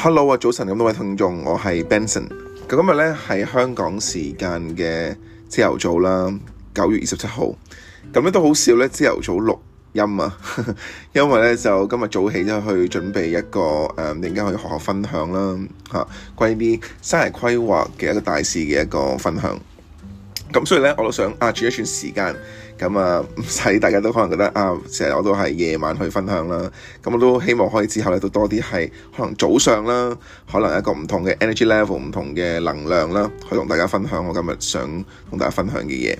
Hello 啊，早晨咁多位聽眾，我係 Benson。咁今日咧係香港時間嘅朝頭早啦，九月二十七號。咁咧都好少咧朝頭早錄音啊， 因為咧就今日早起就去準備一個誒，突然間可以學學分享啦，吓，關於啲生涯規劃嘅一個大事嘅一個分享。咁所以咧，我都想啊，住一段時間，咁啊，唔使大家都可能覺得啊，成日我都係夜晚去分享啦。咁我都希望開始之後咧，都多啲係可能早上啦，可能一個唔同嘅 energy level、唔同嘅能量啦，去同大家分享我今日想同大家分享嘅嘢。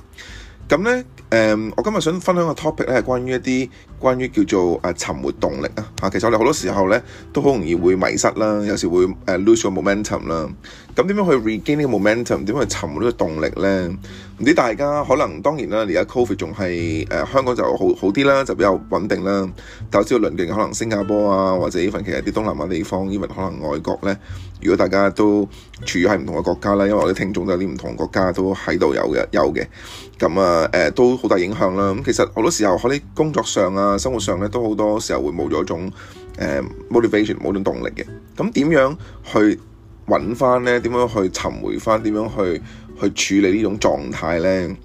咁咧，誒、嗯，我今日想分享嘅 topic 咧，係關於一啲關於叫做啊尋回動力啊。嚇，其實我哋好多時候咧，都好容易會迷失啦、啊，有時會誒 lose momentum 啦、啊。咁點樣去 regain 呢、e、個 momentum？點樣去尋呢個動力咧？唔知大家可能當然啦，而家 COVID 仲係誒、呃、香港就好好啲啦，就比較穩定啦。但我知道鄰近可能新加坡啊，或者 even 其實啲東南亞地方，even 可能外國咧，如果大家都處於喺唔同嘅國家啦，因為我啲聽眾都有啲唔同國家都喺度有嘅有嘅，咁啊誒都好大影響啦。咁其實好多時候喺啲工作上啊、生活上咧，都好多時候會冇咗一種、呃、motivation，冇咗動力嘅。咁點樣去？揾，翻咧，點樣去尋回翻，點樣去去處理呢種狀態咧？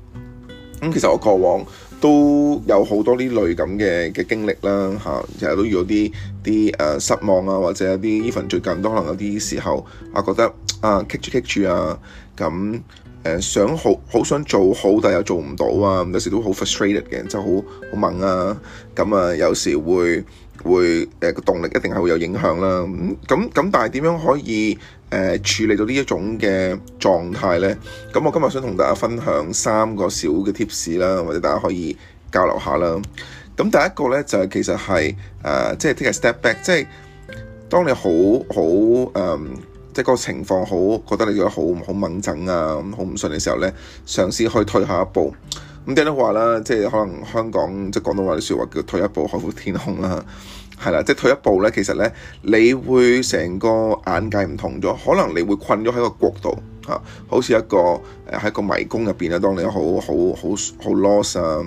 咁其實我過往都有好多呢類咁嘅嘅經歷啦，嚇、啊，其實都遇到啲啲誒失望啊，或者有啲 even 最近都可能有啲時候，我覺得啊棘住棘住啊咁。啊啊啊誒想好好想做好，但又做唔到啊！有時都好 frustrated 嘅，就好好猛啊！咁啊，有時會會誒個動力一定係會有影響啦。咁、嗯、咁但係點樣可以誒、呃、處理到呢一種嘅狀態呢？咁我今日想同大家分享三個小嘅 tips 啦，或者大家可以交流下啦。咁第一個呢，就係、是、其實係誒，即、呃、係、就是、take a step back，即係當你好好誒。即係個情況好，覺得你覺得好好掹掙啊，好唔順嘅時候咧，嘗試去退下一步。咁點都話啦，即係可能香港即係廣東話嘅説話叫退一步海闊天空啦，啊，係啦，即係退一步咧，其實咧，你會成個眼界唔同咗，可能你會困咗喺個角度嚇，好似一個誒喺個迷宮入邊啊，當你好好好好 loss 啊。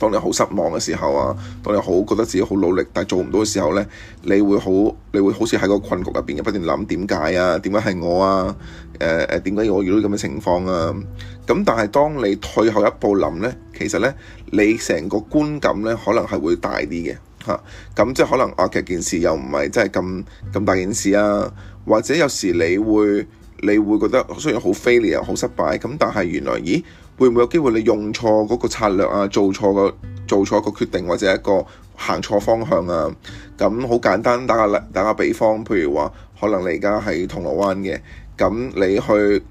當你好失望嘅時候啊，當你好覺得自己好努力但係做唔到嘅時候呢，你會好，你會好似喺個困局入邊不斷諗點解啊，點解係我啊，誒誒點解要我遇到咁嘅情況啊？咁但係當你退後一步諗呢，其實呢，你成個觀感呢，可能係會大啲嘅嚇，咁、啊、即係可能啊，其實件事又唔係真係咁咁大件事啊，或者有時你會你會覺得雖然好 fail 啊好失敗，咁但係原來咦？會唔會有機會你用錯嗰個策略啊，做錯個做錯一個決定或者一個行錯方向啊？咁好簡單，打個例，打個比方，譬如話，可能你而家喺銅鑼灣嘅，咁你去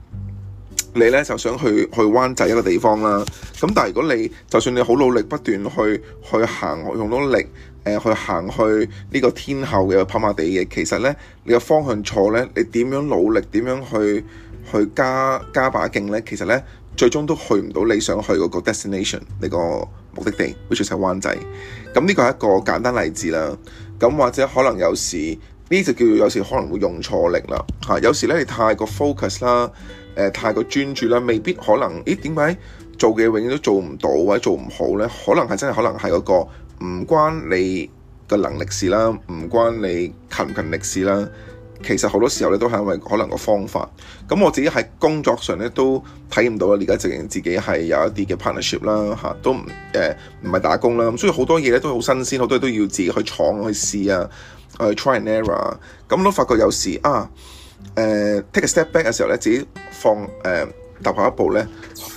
你呢就想去去灣仔一個地方啦。咁但係如果你就算你好努力不斷去去行，用到力誒去行去呢個天后嘅跑馬地嘅，其實呢，你個方向錯呢，你點樣努力點樣去去加加把勁呢？其實呢。最終都去唔到你想去嗰個 destination，呢個目的地，which is 灣仔。咁、嗯、呢、這個係一個簡單例子啦。咁、嗯、或者可能有時呢就叫有時可能會用錯力啦。嚇、啊，有時咧你太過 focus 啦，誒、呃、太過專注啦，未必可能。咦？點解做嘅永遠都做唔到或者做唔好呢？可能係真係可能係嗰、那個唔關你個能力事啦，唔關你勤唔勤力事啦。其實好多時候咧都係因為可能個方法，咁我自己喺工作上咧都體驗唔到啦。而家雖然自己係有一啲嘅 partnership 啦，嚇都唔誒唔係打工啦，咁所以好多嘢咧都好新鮮，好多嘢都要自己去闖去試啊，去 try and error。咁都發覺有時啊，誒、呃、take a step back 嘅時候咧，自己放誒踏、呃、下一步咧，誒、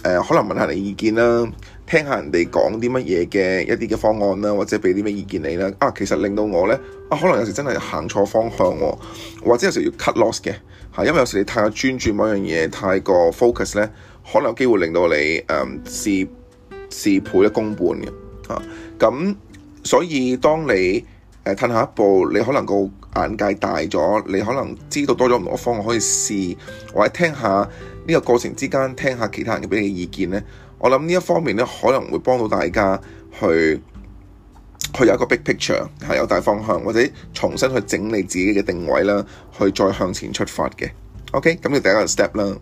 呃、可能問下你意見啦。聽下人哋講啲乜嘢嘅一啲嘅方案啦，或者俾啲咩意見你啦。啊，其實令到我呢，啊，可能有時真係行錯方向喎，或者有時要 cut loss 嘅嚇，因為有時你太過專注某樣嘢，太過 focus 呢，可能有機會令到你誒事事倍一功半嘅嚇。咁、啊、所以當你誒褪下一步，你可能個眼界大咗，你可能知道多咗唔同方案可以試，或者聽下呢個過程之間聽下其他人嘅俾你嘅意見呢。我諗呢一方面咧，可能會幫到大家去去有一個 big picture，係有大方向，或者重新去整理自己嘅定位啦，去再向前出發嘅。OK，咁就第一個 step 啦。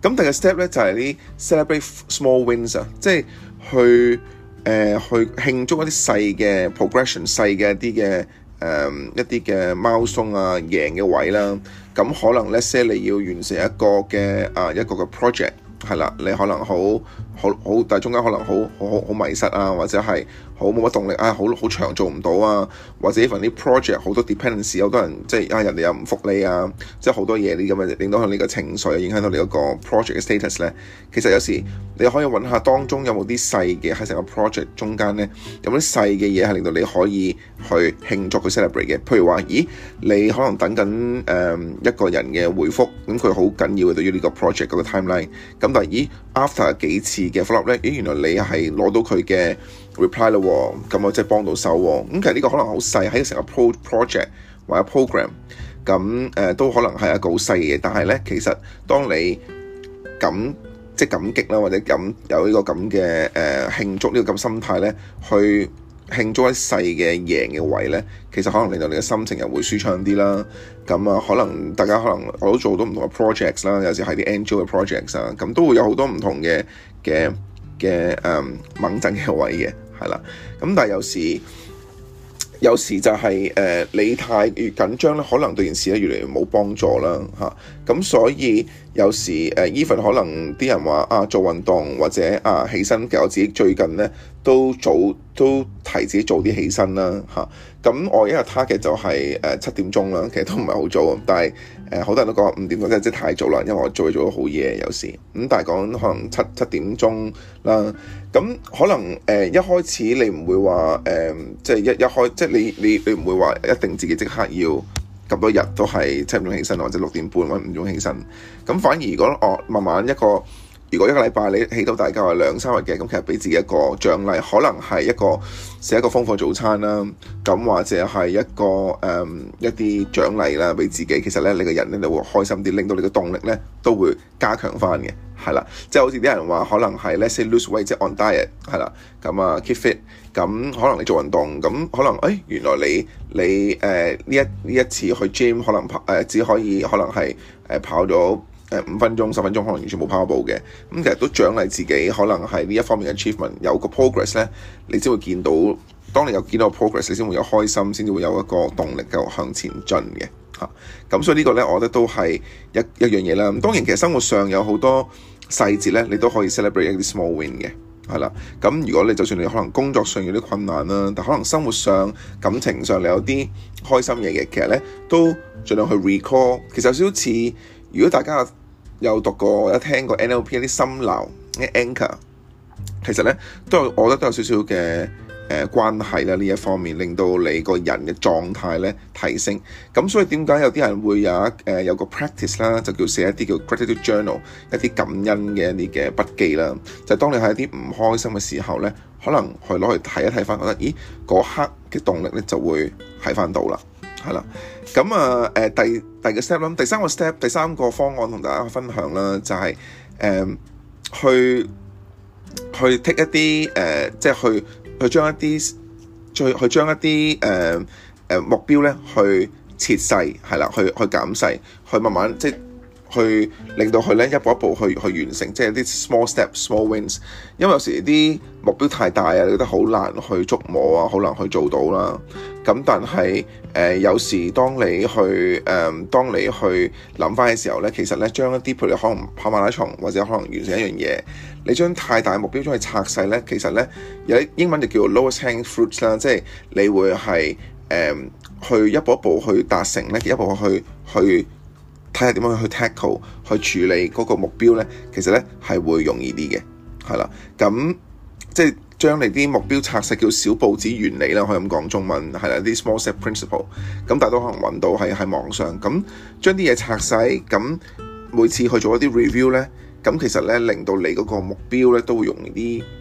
咁第二個 step 咧就係啲 celebrate small wins 啊，即係去誒去慶祝一啲細嘅 progression、細、呃、嘅一啲嘅誒一啲嘅 milestone 啊贏嘅位啦。咁可能呢些你要完成一個嘅啊一個嘅 project。係啦，你可能好好好，但係中間可能好好好迷失啊，或者係。好冇乜動力啊！好好長做唔到啊，或者呢份啲 project 好多 dependency 好多人即係、就是、啊，人哋又唔覆你啊，即係好多嘢你咁樣啊，令到佢呢個情緒影響到你嗰個 project 嘅 status 咧。其實有時你可以揾下當中有冇啲細嘅喺成個 project 中間呢，有冇啲細嘅嘢係令到你可以去慶祝佢 celebrate 嘅。譬如話，咦，你可能等緊誒一個人嘅回覆，咁佢好緊要嘅對於呢個 project 嗰個 timeline。咁但係咦，after 幾次嘅 flow 咧，咦原來你係攞到佢嘅。reply 咯、哦，咁我即係幫到手喎、哦。咁、嗯、其實呢個可能好細喺成個 pro project 或者 program，咁誒、呃、都可能係一個好細嘅。但係咧，其實當你感即係感激啦，或者感有呢個咁嘅誒慶祝呢個咁心態咧，去慶祝一細嘅贏嘅位咧，其實可能令到你嘅心情又會舒暢啲啦。咁啊、呃，可能大家可能我都做到唔同嘅 projects 啦，有時係啲 angel 嘅 projects 啊，咁都會有好多唔同嘅嘅嘅誒猛震嘅位嘅。係啦，咁但係有時有時就係、是、誒、呃、你太越緊張咧，可能對件事咧越嚟越冇幫助啦嚇。咁、啊嗯、所以有時誒 Even、呃、可能啲人話啊做運動或者啊起身嘅，我、啊、自己最近咧都早都提自己早啲起身啦嚇。啊。咁我一日 target 就係誒七點鐘啦，其實都唔係好早，但係誒好多人都講五點鐘真係即係太早啦，因為我做嘢做得好夜有時，咁但係講可能七七點鐘啦，咁可能誒一開始你唔會話誒即係一一開即係、就是、你你你唔會話一定自己即刻要咁多日都係七點鐘起身或者六點半或者五點鐘起身，咁反而如果我慢慢一個。如果一個禮拜你起到大家係兩三日嘅，咁其實俾自己一個獎勵，可能係一個食一個豐富早餐啦，咁或者係一個誒、嗯、一啲獎勵啦，俾自己，其實咧你個人咧就會開心啲，令到你嘅動力咧都會加強翻嘅，係啦，即係好似啲人話，可能係 let's say lose weight，on diet，係啦，咁、嗯、啊 keep fit，咁、嗯、可能你做運動，咁、嗯、可能誒、哎、原來你你誒呢、呃、一呢一次去 gym 可能跑、呃、只可以可能係誒、呃、跑咗。誒五分鐘、十分鐘，可能完全冇跑步嘅，咁其實都獎勵自己，可能喺呢一方面嘅 achievement 有個 progress 咧，你先會見到。當你有見到 progress，你先會有開心，先至會有一個動力繼續向前進嘅嚇。咁、啊、所以個呢個咧，我覺得都係一一樣嘢啦。咁當然其實生活上有好多細節咧，你都可以 celebrate 一啲 small win 嘅，係啦。咁如果你就算你可能工作上有啲困難啦，但可能生活上、感情上你有啲開心嘢嘅，其實咧都儘量去 recall。其實有少少似。如果大家有讀過、有聽過 NLP 一啲心流、啲 anchor，其實咧都有，我覺得都有少少嘅誒關係啦。呢一方面令到你個人嘅狀態咧提升，咁所以點解有啲人會有一誒有個 practice 啦，就叫寫一啲叫 gratitude journal，一啲感恩嘅一啲嘅筆記啦。就係當你喺一啲唔開心嘅時候咧，可能去攞去睇一睇翻，覺得咦嗰刻嘅動力咧就會喺翻到啦，係啦。咁啊誒第。第三個 step，第三個方案同大家分享啦，就係、是、誒、呃、去去 take 一啲誒、呃、即係去去將一啲最去將一啲誒誒目標咧去切細係啦，去去，去減細去慢慢。即係。去令到佢咧一步一步去去完成，即係啲 small step small wins。因為有時啲目標太大啊，你覺得好難去捉摸啊，好難去做到啦。咁但係誒有時當你去誒、嗯、當你去諗翻嘅時候咧，其實咧將一啲譬如可能跑馬拉松或者可能完成一樣嘢，你將太大目標將佢拆細咧，其實咧有啲英文就叫做 lowest hanging fruits 啦，即係你會係誒、嗯、去一步一步去達成咧，一步去去。睇下點樣去 tackle 去處理嗰個目標咧，其實咧係會容易啲嘅，係啦。咁即係將你啲目標拆細叫小步子原理啦，可以咁講中文係啦。啲 small step principle 咁，大家都可能揾到係喺網上咁將啲嘢拆細咁，每次去做一啲 review 咧，咁其實咧令到你嗰個目標咧都會容易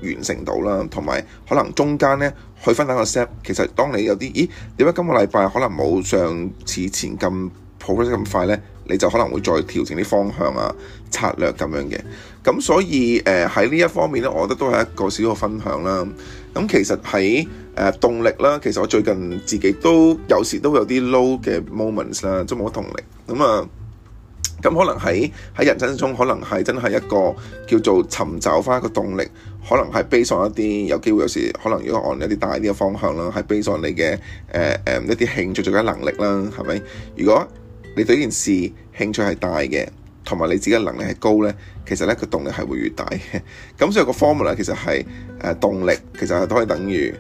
啲完成到啦。同埋可能中間咧去分享個 step，其實當你有啲咦點解今個禮拜可能冇上次前咁 progress 咁快咧？你就可能會再調整啲方向啊、策略咁樣嘅，咁所以誒喺呢一方面呢，我覺得都係一個小小嘅分享啦。咁其實喺誒、呃、動力啦，其實我最近自己都有時都有啲 low 嘅 moments 啦，都冇乜動力。咁啊，咁、呃、可能喺喺人生中，可能係真係一個叫做尋找翻一個動力，可能係 based 喺一啲，有機會有時可能要按一啲大啲嘅方向啦，係 based 喺你嘅誒誒一啲興趣或者能力啦，係咪？如果你對件事興趣係大嘅，同埋你自己嘅能力係高呢，其實呢，個動力係會越大嘅。咁所以個 formula 其實係誒、呃、動力，其實係都可以等於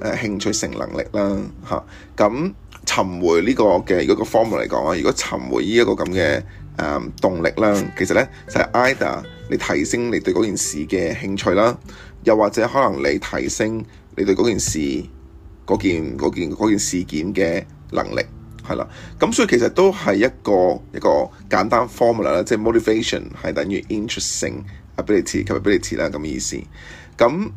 誒、呃、興趣性能力啦。嚇、啊，咁尋回呢、這個嘅如果個 formula 嚟講啊，如果尋回呢一個咁嘅誒動力啦，其實呢，就係 either 你提升你對嗰件事嘅興趣啦，又或者可能你提升你對嗰件，件，件，件事件件嗰件事件嘅能力。係啦，咁所以其實都係一個一個簡單 formula 咧，即係 motivation 係等於 interesting ability capability 啦咁嘅意思。咁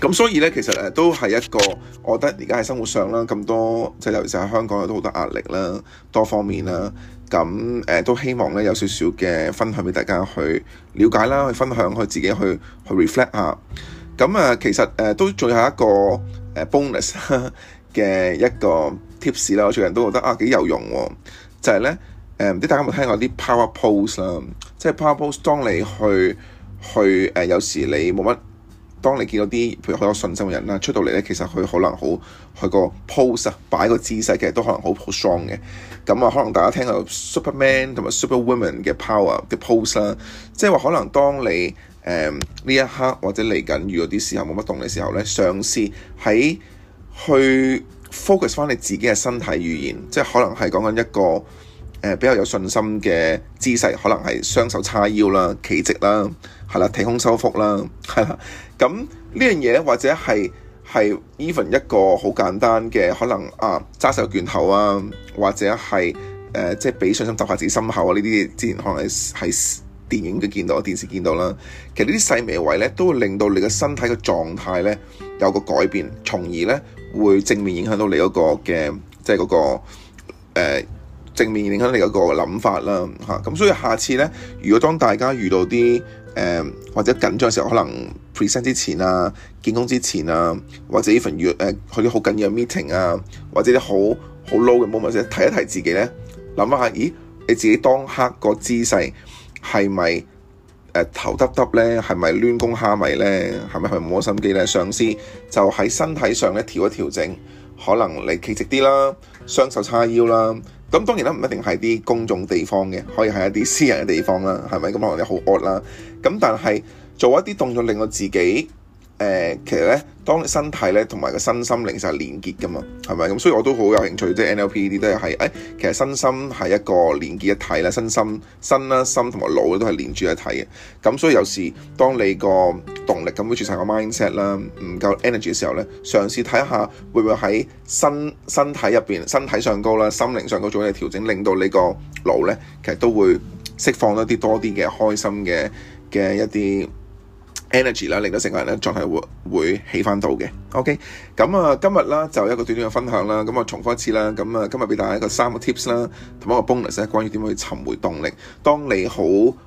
咁所以咧，其實誒都係一個，我覺得而家喺生活上啦咁多，即、就、係、是、尤其是喺香港有都好多壓力啦，多方面啦。咁誒、呃、都希望咧有少少嘅分享俾大家去了解啦，去分享去自己去去 reflect 下。咁啊，其實誒、呃、都仲有一個誒 bonus 嘅一個，tips 啦，我最近都覺得啊幾有用喎，就係咧，唔知大家有冇聽過啲 power pose 啦，即係 power pose，當你去去誒有時你冇乜，當你見到啲譬如好有信心嘅人啦出到嚟咧，其實佢可能好佢個 pose 啊，post，擺個姿勢其實都可能好好 strong 嘅。咁啊，可能大家聽到 superman 同埋 superwoman 嘅 power 嘅 pose 啦，即係話可能當你誒呢、嗯、一刻或者嚟緊遇到啲時候冇乜動力時候咧，嘗試喺去。focus 翻你自己嘅身體語言，即係可能係講緊一個誒、呃、比較有信心嘅姿勢，可能係雙手叉腰啦、企直啦，係啦、挺胸收腹啦，係啦。咁呢樣嘢或者係係 even 一個好簡單嘅，可能啊揸手拳頭啊，或者係誒、呃、即係俾信心打下自己心口啊，呢啲之前可能係係電影都見到、電視見到啦。其實呢啲細微位咧，都會令到你嘅身體嘅狀態咧有個改變，從而咧。會正面影響到你嗰、嗰個嘅，即係嗰個、呃、正面影響你嗰個諗法啦嚇。咁、啊、所以下次咧，如果當大家遇到啲誒、呃、或者緊張嘅時候，可能 present 之前啊、見工之前啊，或者 even、呃、去啲好緊要嘅 meeting 啊，或者啲好好 low 嘅 moment，提一提自己咧，諗翻下，咦你自己當刻個姿勢係咪？誒、呃、頭耷耷呢，係咪攣公蝦米呢？係咪係咪摸心機呢？上司就喺身體上咧調一調整，可能你企直啲啦，雙手叉腰啦。咁當然啦，唔一定係啲公眾地方嘅，可以喺一啲私人嘅地方啦，係咪？咁可能你好惡啦。咁但係做一啲動作令到自己。誒，其實咧，當身體咧同埋個身心靈實係連結㗎嘛，係咪咁？所以我都好有興趣，即係 NLP 呢啲都係誒、欸。其實身心係一個連結一體啦，身心身啦、心同埋腦都係連住一體嘅。咁所以有時當你個動力咁好似成個 mindset 啦，唔夠 energy 嘅時候咧，嘗試睇下會唔會喺身身體入邊、身體上高啦、心靈上高做一啲調整，令到你個腦咧其實都會釋放一啲多啲嘅開心嘅嘅一啲 energy 啦，令到成個人嘅狀態會會起翻到嘅。OK，咁啊今日啦就一個短短嘅分享啦。咁啊，重複一次啦。咁啊今日俾大家一個三個 tips 啦，同埋一個 bonus，關於點樣去尋回動力。當你好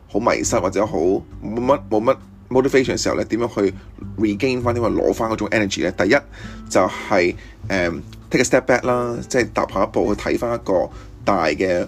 好迷失或者好冇乜冇乜 motivation 嘅時候咧，點樣去 regain 翻點樣攞翻嗰種 energy 咧？第一就係、是、誒、um, take a step back 啦，即係踏下一步去睇翻一個大嘅。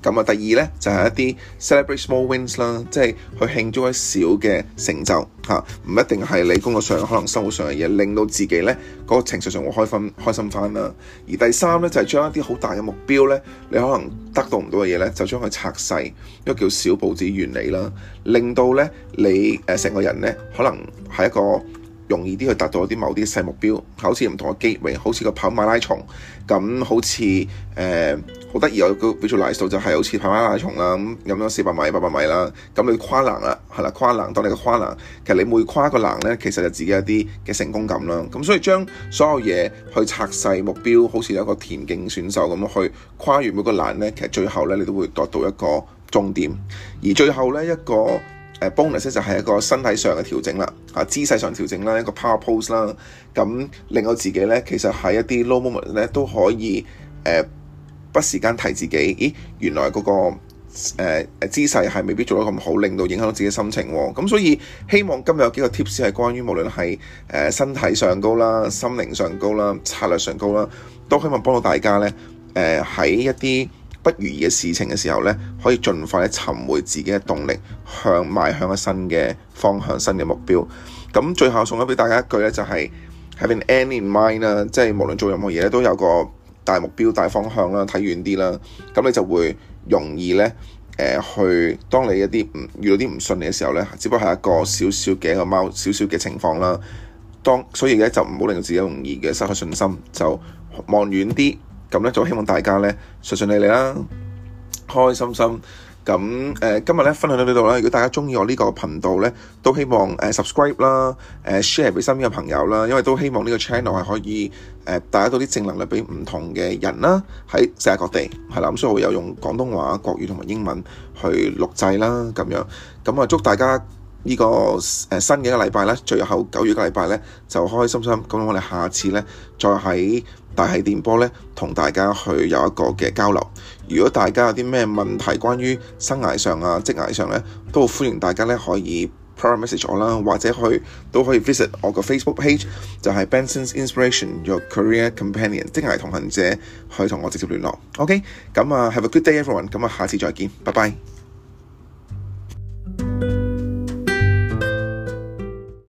咁啊，第二呢，就係一啲 celebrate small wins 啦，即係去慶祝一小嘅成就嚇，唔一定係你工作上可能生活上嘅嘢，令到自己呢嗰個情緒上會開心開心翻啦。而第三呢，就係將一啲好大嘅目標呢，你可能得到唔到嘅嘢呢，就將佢拆細，一個叫小步子原理啦，令到呢你誒成個人呢，可能係一個。容易啲去達到一啲某啲細目標，好似唔同嘅機位，好似個跑馬拉松，咁好似誒、呃就是、好得意我個 virtual life 數就係好似跑馬拉松啦，咁咁樣四百米、八百米啦，咁你跨欄啦，係啦，跨欄當你個跨欄，其實你每跨一個欄咧，其實就自己一啲嘅成功感啦。咁所以將所有嘢去拆細目標，好似一個田徑選手咁樣去跨越每個欄呢。其實最後呢，你都會度到一個終點，而最後呢，一個。誒 bonus 就係一個身體上嘅調整啦，嚇姿勢上調整啦，一個 power pose 啦，咁令到自己呢，其實喺一啲 low moment 呢，都可以誒、呃、不時間提自己，咦原來嗰、那個、呃、姿勢係未必做得咁好，令到影響到自己心情喎。咁所以希望今日有幾個 tips 係關於無論係誒身體上高啦、心靈上高啦、策略上高啦，都希望幫到大家呢，誒、呃、喺一啲不如意嘅事情嘅時候咧，可以盡快咧尋回自己嘅動力，向邁向一新嘅方向、新嘅目標。咁最後送咗俾大家一句咧、就是， any mind, 就係 having end in mind 啦，即係無論做任何嘢咧，都有個大目標大方向啦，睇遠啲啦，咁你就會容易咧，誒去。當你一啲唔遇到啲唔順利嘅時候咧，只不過係一個小小嘅一個貓小小嘅情況啦。當所以咧就唔好令自己容易嘅失去信心，就望遠啲。咁咧就希望大家咧順順利利啦，開開心心。咁誒今日咧分享到呢度啦。如果大家中意我呢個頻道咧，都希望誒 subscribe 啦，誒 share 俾身邊嘅朋友啦，因為都希望呢個 channel 係可以誒帶到啲正能量俾唔同嘅人啦，喺世界各地係啦。咁所以我會有用廣東話、國語同埋英文去錄製啦，咁樣。咁啊祝大家，呢個誒新嘅一個禮拜咧，最後九月個禮拜咧，就開開心心。咁我哋下次咧，再喺大氣電波咧，同大家去有一個嘅交流。如果大家有啲咩問題關於生涯上啊、職涯上咧，都歡迎大家咧可以 private message 我啦，或者去都可以 visit 我個 Facebook page，就係 Benson's Inspiration Your Career Companion 職涯同行者，去同我直接聯絡。OK，咁啊 have a good day everyone，咁啊下次再見，拜拜。